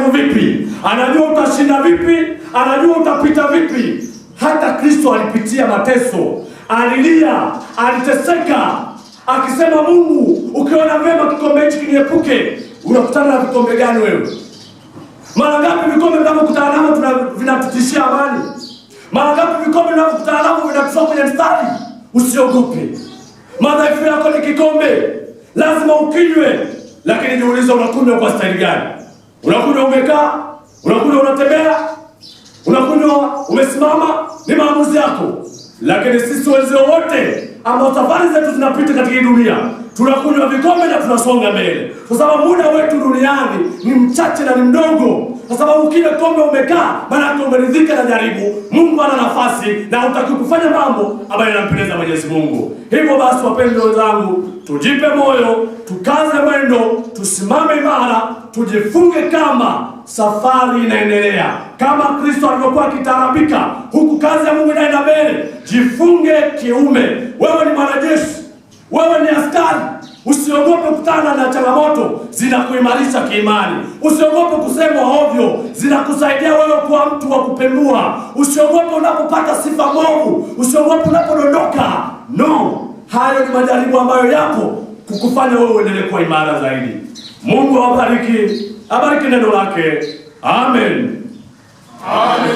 madhehebu vipi, anajua utashinda vipi, anajua utapita vipi. Hata Kristo alipitia mateso, alilia, aliteseka akisema, Mungu, ukiona vema kikombe hichi kiniepuke. Unakutana na vikombe gani wewe? Mara ngapi vikombe vinavyokutana navyo vinatutishia amani? Mara ngapi vikombe vinavyokutana navyo vinatutoa kwenye mstari? Usiogope, madhaifu yako ni kikombe, lazima ukinywe, lakini jiulize unakunywa kwa staili gani? unakuja umekaa, unakuja unatembea, unakunywa umesimama, ni maamuzi yako. Lakini sisi wenzio wote ambao safari zetu zinapita katika hii dunia tunakunywa vikombe na tunasonga mbele, kwa sababu muda wetu duniani ni mchache na ni mdogo. Kwa sababu kile kombe umekaa, maanake umeridhika na jaribu. Mungu ana nafasi na hutaki kufanya mambo ambayo yanampendeza Mwenyezi Mungu. Hivyo basi, wapendwa wenzangu, tujipe moyo, tukaze upendo, tusimame imara, tujifunge kama safari inaendelea, kama Kristo alivyokuwa akitarabika, huku kazi ya Mungu inaenda mbele. Jifunge kiume. Wewe ni mwanajeshi, wewe ni askari. Usiogope kutana na changamoto, zinakuimarisha kiimani. Usiogope kusema ovyo, zinakusaidia wewe kuwa mtu wa kupembua. Usiogope unapopata sifa mbovu, usiogope unapodondoka. No, hayo ni majaribu ambayo yako kukufanya wewe uendelee kuwa imara zaidi. Mungu awabariki, abariki neno lake. Amen, amen.